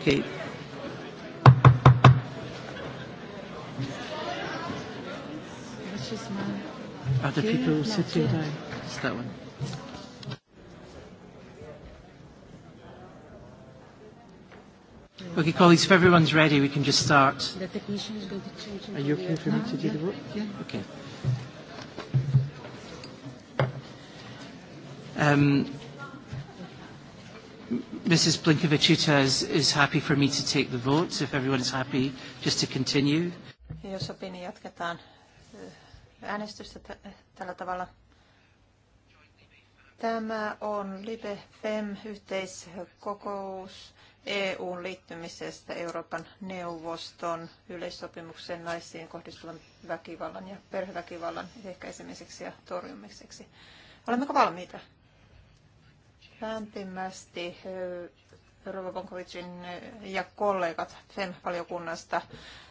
Okay. Which is Other people no, sitting yeah. It's that one. Okay, colleagues, if everyone's ready, we can just start. The technician is going to change. Are you okay for me to do the work? Yeah. Okay. Um, Mrs. Blinkovicita is, is happy for me to take the vote, if everyone is happy just to continue. Jos sopii, niin jatketaan eh, äänestystä eh, tällä tavalla. Tämä on Libe FEM yhteiskokous EUn liittymisestä Euroopan neuvoston yleissopimukseen naisiin kohdistuvan väkivallan ja perheväkivallan ehkäisemiseksi ja torjumiseksi. Olemmeko valmiita? lämpimästi Rova Bonkovicin ja kollegat FEM-valiokunnasta.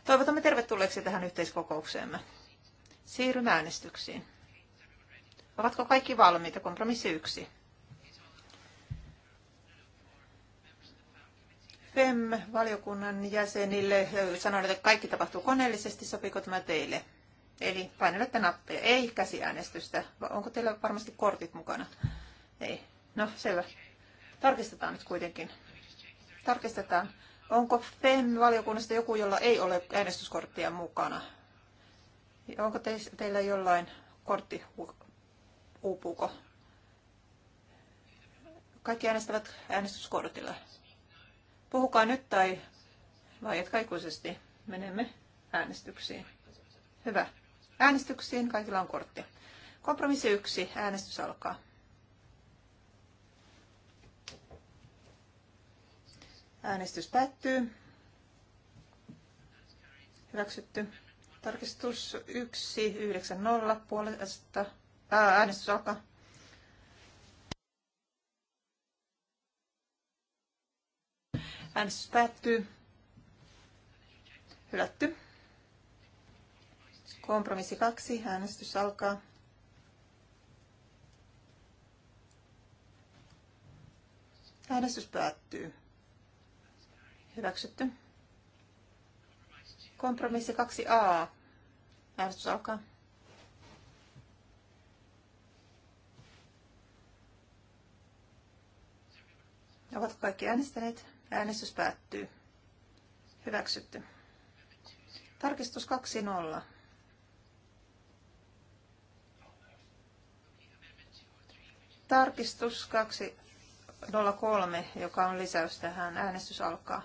Toivotamme tervetulleeksi tähän yhteiskokoukseemme. Siirrymme äänestyksiin. Ovatko kaikki valmiita? Kompromissi yksi. FEM-valiokunnan jäsenille sanoin, että kaikki tapahtuu koneellisesti. Sopiiko tämä teille? Eli painelette nappeja. Ei käsiäänestystä. Onko teillä varmasti kortit mukana? Ei. No, selvä. Tarkistetaan nyt kuitenkin. Tarkistetaan. Onko FEM-valiokunnasta joku, jolla ei ole äänestyskorttia mukana? Onko te, teillä jollain kortti uupuuko? Kaikki äänestävät äänestyskortilla. Puhukaa nyt tai et kaikuisesti Menemme äänestyksiin. Hyvä. Äänestyksiin kaikilla on kortti. Kompromissi yksi. Äänestys alkaa. Äänestys päättyy. Hyväksytty. Tarkistus 190 puolesta. Ää, äänestys alkaa. Äänestys päättyy. Hylätty. Kompromissi 2. Äänestys alkaa. Äänestys päättyy. Hyväksytty. Kompromissi 2a. Äänestys alkaa. Ovat kaikki äänestäneet? Äänestys päättyy. Hyväksytty. Tarkistus 2.0. Tarkistus 2.03, joka on lisäys tähän. Äänestys alkaa.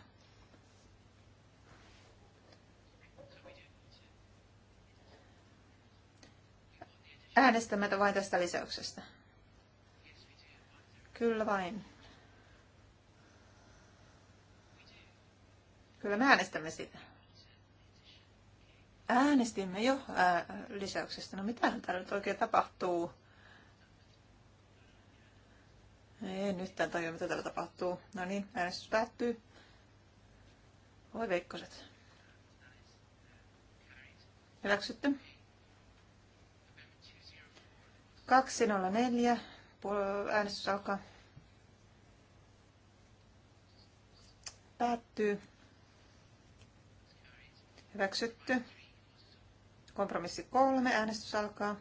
Äänestämme vain tästä lisäyksestä. Kyllä vain. Kyllä me äänestämme sitä. Äänestimme jo ää, lisäyksestä. No mitä täällä nyt oikein tapahtuu? Ei nyt tämän tajua, mitä täällä tapahtuu. No niin, äänestys päättyy. Voi veikkoset. Hyväksytty. 204. Äänestys alkaa. Päättyy. Hyväksytty. Kompromissi kolme. Äänestys alkaa.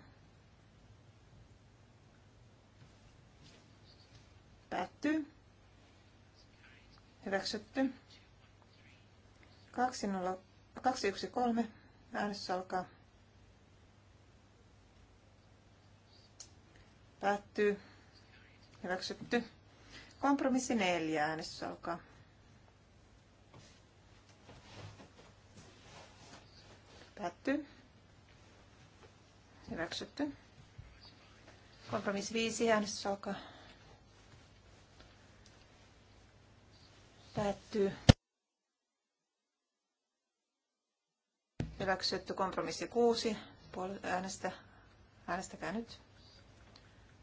Päättyy. Hyväksytty. 213. Äänestys alkaa. Päättyy. Hyväksytty. Kompromissi neljä. Äänestys alkaa. Päättyy. Hyväksytty. Kompromissi viisi. Äänestys alkaa. Päättyy. Hyväksytty kompromissi kuusi, Puol- äänestä, äänestäkää nyt.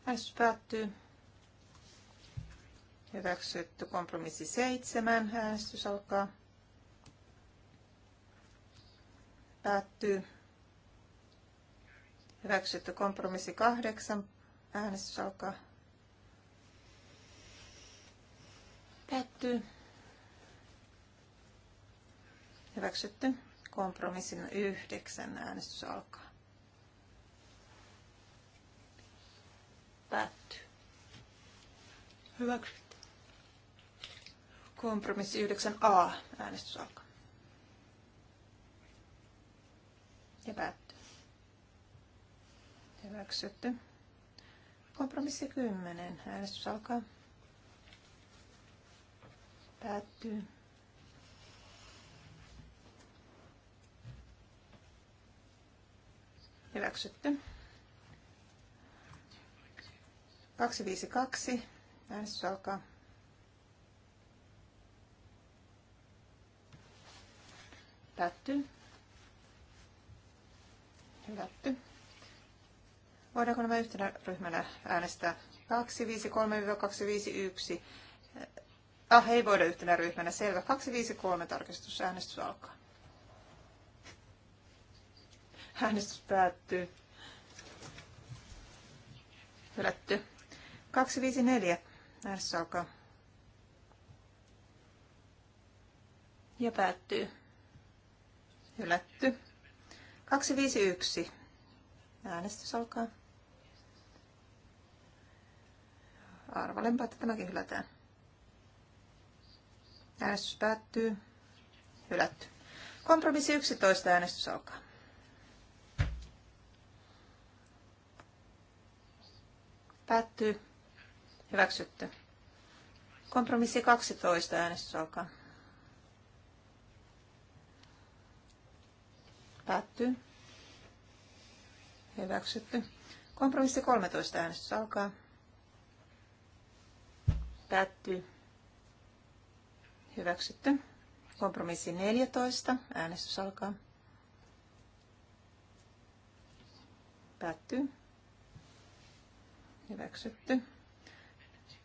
Äänestys päättyy. Hyväksytty kompromissi 7. Äänestys alkaa. Päättyy. Hyväksytty kompromissi 8. Äänestys alkaa. Päättyy. Hyväksytty. Kompromissin 9. Äänestys alkaa. Päättyy. Hyväksytty. Kompromissi 9a. Äänestys alkaa. Ja päättyy. Hyväksytty. Kompromissi 10. Äänestys alkaa. Päättyy. Hyväksytty. 252. Äänestys alkaa. Päättyy. Hylätty. Voidaanko nämä yhtenä ryhmänä äänestää? 253-251. Ah, ei voida yhtenä ryhmänä. Selvä. 253 tarkistus. Äänestys alkaa. Äänestys päättyy. Hylätty. 254. Äänestys alkaa. Ja päättyy. Hylätty. 251. Äänestys alkaa. Arvalenpa, että tämäkin hylätään. Äänestys päättyy. Hylätty. Kompromissi 11. Äänestys alkaa. Päättyy. Hyväksytty. Kompromissi 12. Äänestys alkaa. Päättyy. Hyväksytty. Kompromissi 13. Äänestys alkaa. Päättyy. Hyväksytty. Kompromissi 14. Äänestys alkaa. Päättyy. Hyväksytty.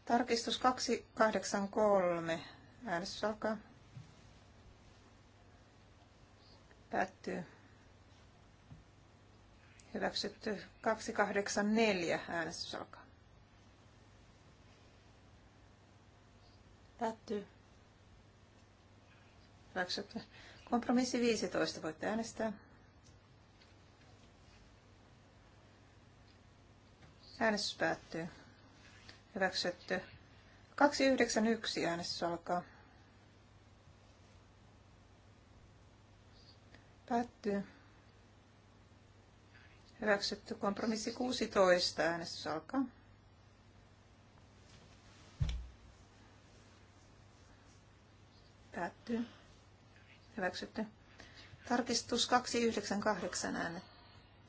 Tarkistus 283. Äänestys alkaa. Päättyy. Hyväksytty 284. Äänestys alkaa. Päättyy. Hyväksytty. Kompromissi 15. Voitte äänestää. Äänestys päättyy. Hyväksytty. 291 äänestys alkaa. Päättyy. Hyväksytty kompromissi 16. Äänestys alkaa. Päättyy. Hyväksytty. Tarkistus 298 ääne.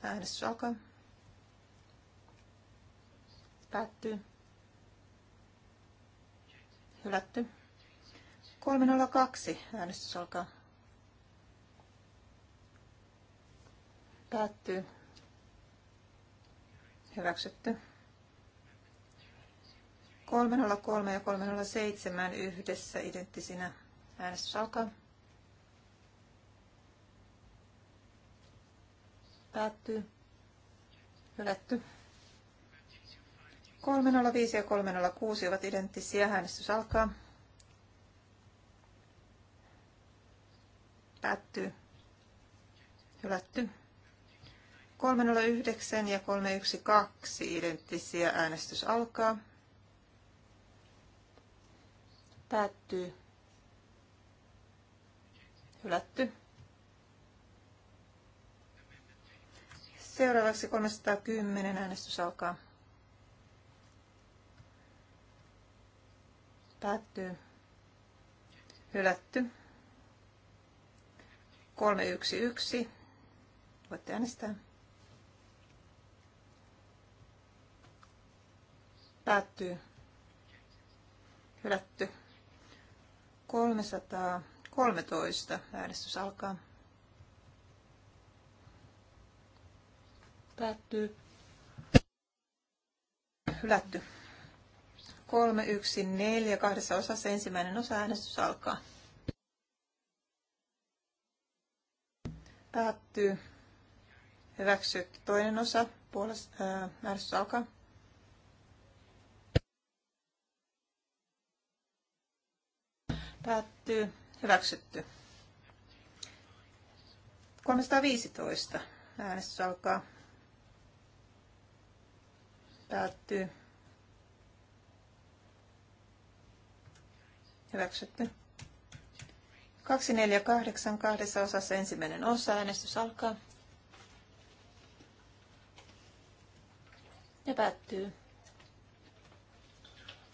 Äänestys alkaa. Päättyy hylätty. 302 äänestys alkaa. Päättyy. Hyväksytty. 303 ja 307 yhdessä identtisinä. Äänestys alkaa. Päättyy. Hylätty. 305 ja 306 ovat identtisiä. Äänestys alkaa. Päättyy. Hylätty. 309 ja 312 identtisiä. Äänestys alkaa. Päättyy. Hylätty. Seuraavaksi 310 äänestys alkaa. Päättyy. Hylätty. 311. Voitte äänestää. Päättyy. Hylätty. 313. Äänestys alkaa. Päättyy. Hylätty. 3, 1, 4, kahdessa osassa ensimmäinen osa äänestys alkaa. Päättyy. Hyväksyt toinen osa. Puoles, ää, äh, äänestys alkaa. Päättyy. Hyväksytty. 315. Äänestys alkaa. Päättyy. Hyväksytty. 248 kahdessa osassa ensimmäinen osa. Äänestys alkaa. Ja päättyy.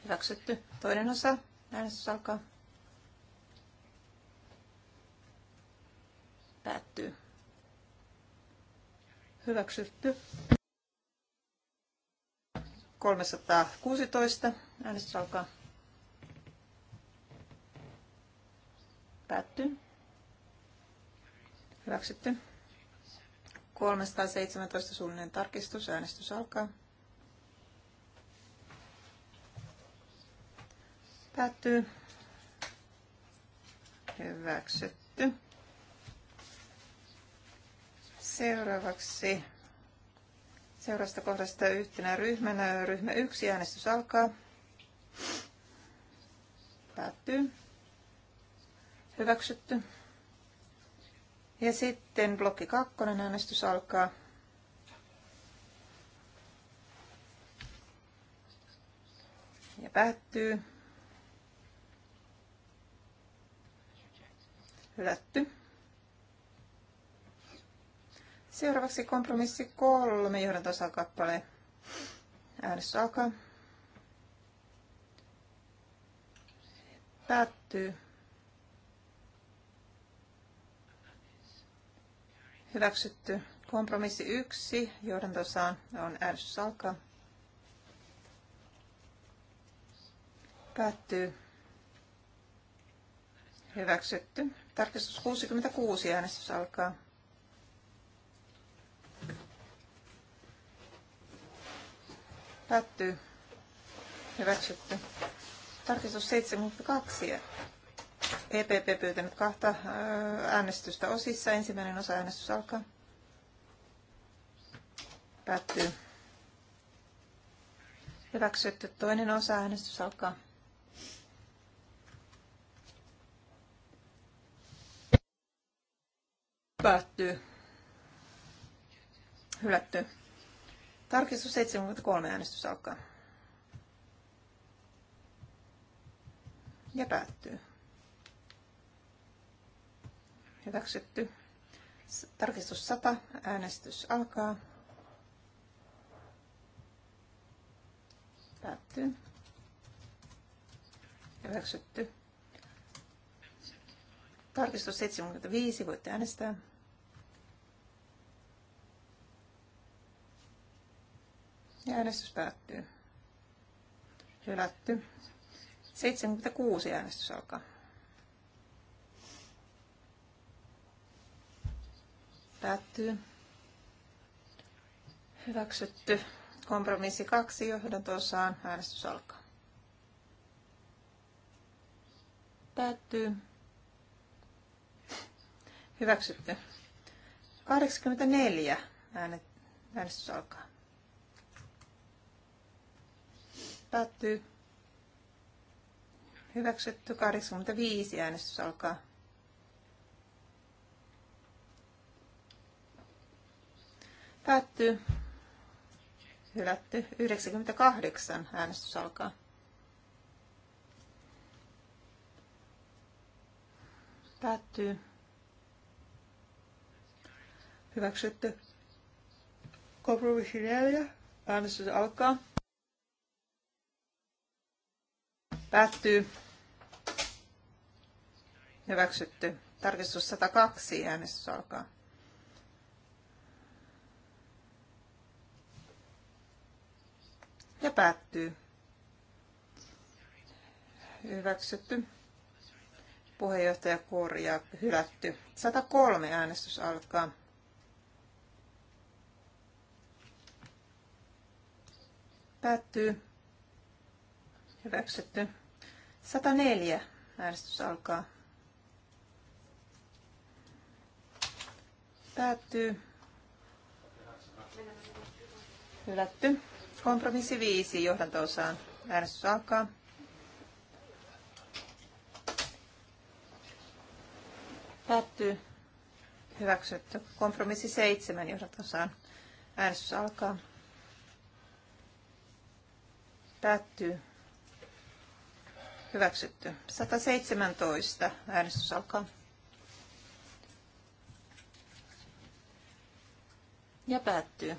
Hyväksytty. Toinen osa. Äänestys alkaa. Päättyy. Hyväksytty. 316. Äänestys alkaa. Päättyy. Hyväksytty. 317 suullinen tarkistus. Äänestys alkaa. Päättyy. Hyväksytty. Seuraavaksi seuraavasta kohdasta yhtenä ryhmänä ryhmä 1. Äänestys alkaa. Päättyy. Hyväksytty. Ja sitten blokki kakkonen äänestys alkaa. Ja päättyy. Hylätty. Seuraavaksi kompromissi kolme johdantosakappale. Äänestys alkaa. Päättyy. Hyväksytty. Kompromissi 1. Johdantosaan on äänestys alkaa. Päättyy. Hyväksytty. Tarkistus 66. Äänestys alkaa. Päättyy. Hyväksytty. Tarkistus 72. EPP pyytänyt kahta äänestystä osissa. Ensimmäinen osa äänestys alkaa. Päättyy. Hyväksytty. Toinen osa äänestys alkaa. Päättyy. Hylätty. Tarkistus 73 äänestys alkaa. Ja päättyy hyväksytty. Tarkistus 100, äänestys alkaa. Päättyy. Hyväksytty. Tarkistus 75, voitte äänestää. Ja äänestys päättyy. Hylätty. 76 äänestys alkaa. Päättyy. Hyväksytty. Kompromissi kaksi johdantosaan. Äänestys alkaa. Päättyy. Hyväksytty. 84. Äänet, äänestys alkaa. Päättyy. Hyväksytty. 85. Äänestys alkaa. Päättyy. Hylätty. 98. Äänestys alkaa. Päättyy. Hyväksytty. Kompromissi 4. Äänestys alkaa. Päättyy. Hyväksytty. Tarkistus 102. Äänestys alkaa. ja päättyy. Hyväksytty. Puheenjohtaja korjaa hylätty. 103 äänestys alkaa. Päättyy. Hyväksytty. 104 äänestys alkaa. Päättyy. Hylätty. Kompromissi 5 johdantoosaan. Äänestys alkaa. Päättyy. Hyväksytty. Kompromissi 7 johdantoosaan. Äänestys alkaa. Päättyy. Hyväksytty. 117. Äänestys alkaa. Ja päättyy.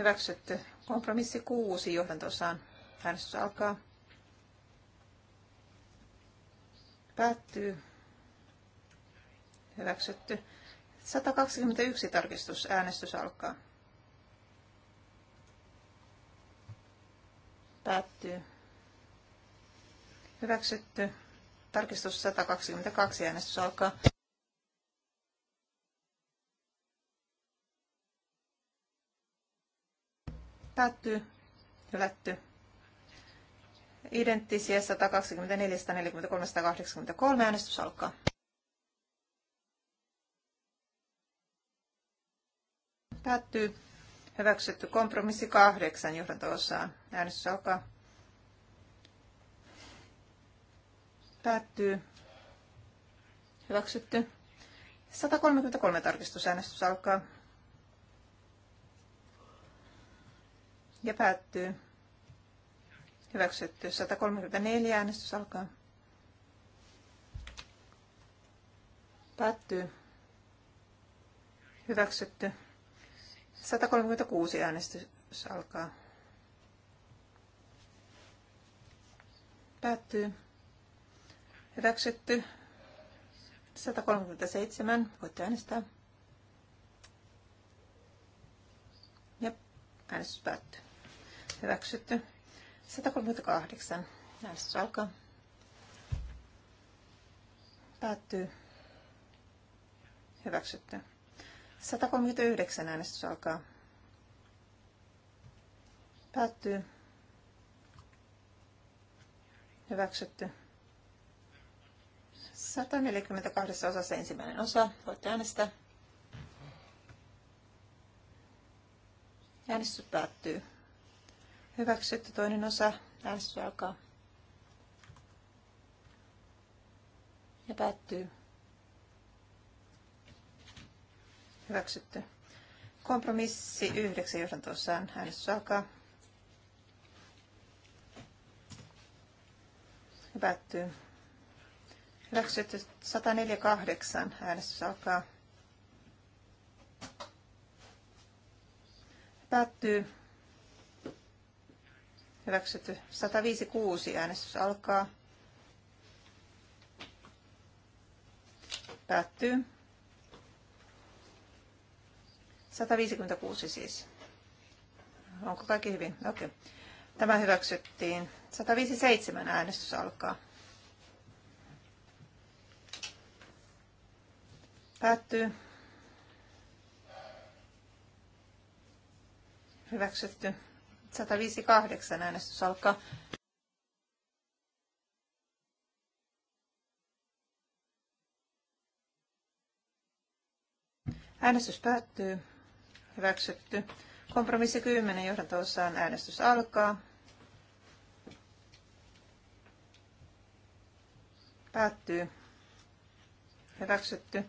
Hyväksytty. Kompromissi kuusi johdantosaan. Äänestys alkaa. Päättyy. Hyväksytty. 121 tarkistus. Äänestys alkaa. Päättyy. Hyväksytty. Tarkistus 122. Äänestys alkaa. päättyy, hylätty. Identtisiä 124, 143, 183 äänestys alkaa. Päättyy. Hyväksytty kompromissi kahdeksan johdanto-osaan. Äänestys alkaa. Päättyy. Hyväksytty. 133 tarkistusäänestys alkaa. ja päättyy. Hyväksytty. 134 äänestys alkaa. Päättyy. Hyväksytty. 136 äänestys alkaa. Päättyy. Hyväksytty. 137. Voitte äänestää. Ja äänestys päättyy hyväksytty. 138. Äänestys alkaa. Päättyy. Hyväksytty. 139 äänestys alkaa. Päättyy. Hyväksytty. 142 osassa ensimmäinen osa. Voitte äänestää. Äänestys päättyy. Hyväksytty toinen osa. Äänestys alkaa. Ja päättyy. Hyväksytty. Kompromissi 9 johdantoossaan. Äänestys alkaa. Ja päättyy. Hyväksytty 148. Äänestys alkaa. Päättyy. Hyväksytty. 156. Äänestys alkaa. Päättyy. 156 siis. Onko kaikki hyvin? Okei. Tämä hyväksyttiin. 157 äänestys alkaa. Päättyy. Hyväksytty. 158 äänestys alkaa. Äänestys päättyy. Hyväksytty. Kompromissi 10 johdanto äänestys alkaa. Päättyy. Hyväksytty.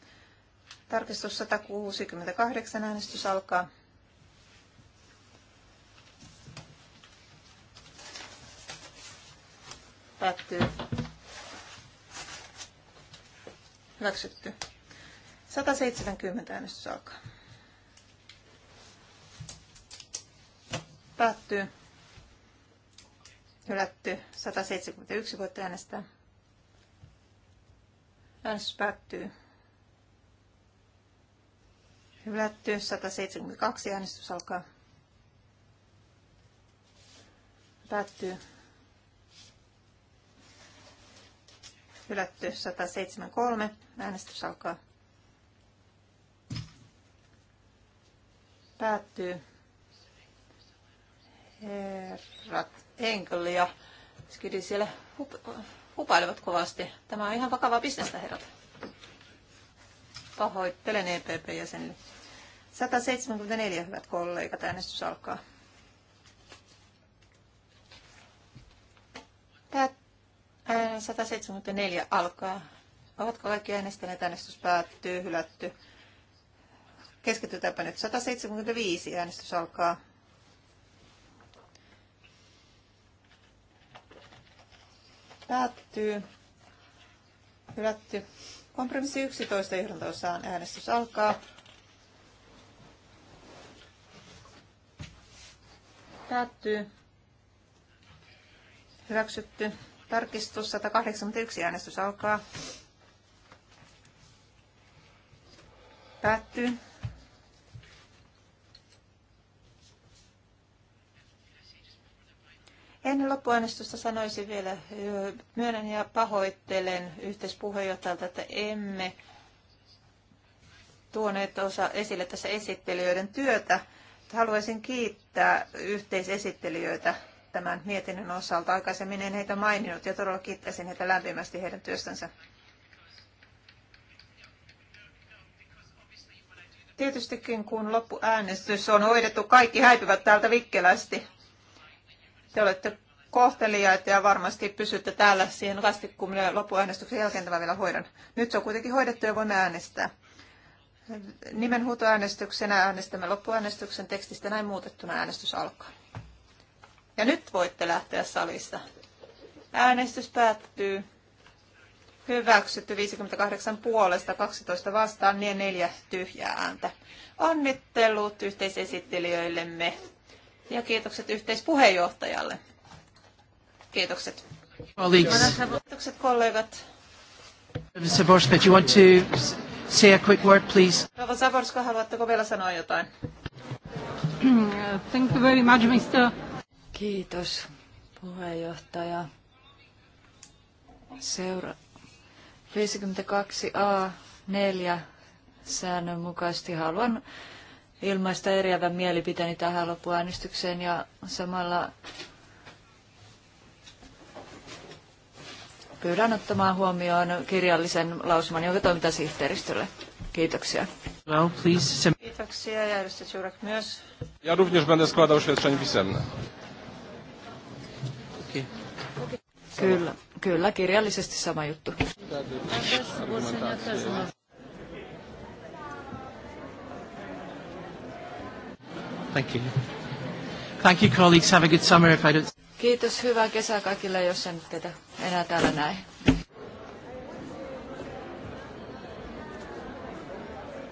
Tarkistus 168 äänestys alkaa. Päättyy. Hyväksytty. 170 äänestys alkaa. Päättyy. Hylätty. 171 voitte äänestää. Äänestys päättyy. Hylätty. 172 äänestys alkaa. Päättyy. hylätty 173. Äänestys alkaa. Päättyy. Herrat Engel ja Skidi siellä hup- hupailevat kovasti. Tämä on ihan vakavaa bisnestä, herrat. Pahoittelen EPP-jäsenille. 174, hyvät kollegat, äänestys alkaa. 174 alkaa. Ovatko kaikki äänestäneet? Äänestys päättyy, hylätty. Keskitytäänpä nyt. 175 äänestys alkaa. Päättyy. Hylätty. Kompromissi 11 johdanto-osaan äänestys alkaa. Päättyy. Hyväksytty. Tarkistus 181 äänestys alkaa. Päättyy. Ennen loppuäänestystä sanoisin vielä, myönnän ja pahoittelen yhteispuheenjohtajalta, että emme tuoneet osa esille tässä esittelijöiden työtä. Haluaisin kiittää yhteisesittelijöitä tämän mietinnön osalta. Aikaisemmin en heitä maininnut ja todella kiittäisin heitä lämpimästi heidän työstänsä. Tietystikin kun loppuäänestys on hoidettu, kaikki häipyvät täältä vikkelästi. Te olette kohteliaita ja varmasti pysytte täällä siihen asti, kun minä loppuäänestyksen jälkeen tämä vielä hoidan. Nyt se on kuitenkin hoidettu ja voimme äänestää. Nimenhuutoäänestyksenä äänestämme loppuäänestyksen tekstistä näin muutettuna äänestys alkaa. Ja nyt voitte lähteä salista. Äänestys päättyy. Hyväksytty 58 puolesta, 12 vastaan, niin neljä tyhjää ääntä. Onnittelut yhteisesittelijöillemme ja kiitokset yhteispuheenjohtajalle. Kiitokset. Colleagues. Kiitokset kollegat. Saborska, do you want to say a quick word, please? Rova haluatteko vielä sanoa jotain? Thank you very much, Mr. Kiitos puheenjohtaja. Seura 52a4 säännön mukaisesti haluan ilmaista eriävän mielipiteeni tähän loppuäänestykseen ja samalla pyydän ottamaan huomioon kirjallisen lausuman, jonka toimitan sihteeristölle. Kiitoksia. Well, please. Kiitoksia ja myös. Ja również będę składał oświadczenie pisemne. Kyllä, kyllä kirjallisesti sama juttu. Thank you. Thank you colleagues. Have a good summer if I don't... Kiitos, hyvää kesää kaikille, jos en teitä enää täällä näe.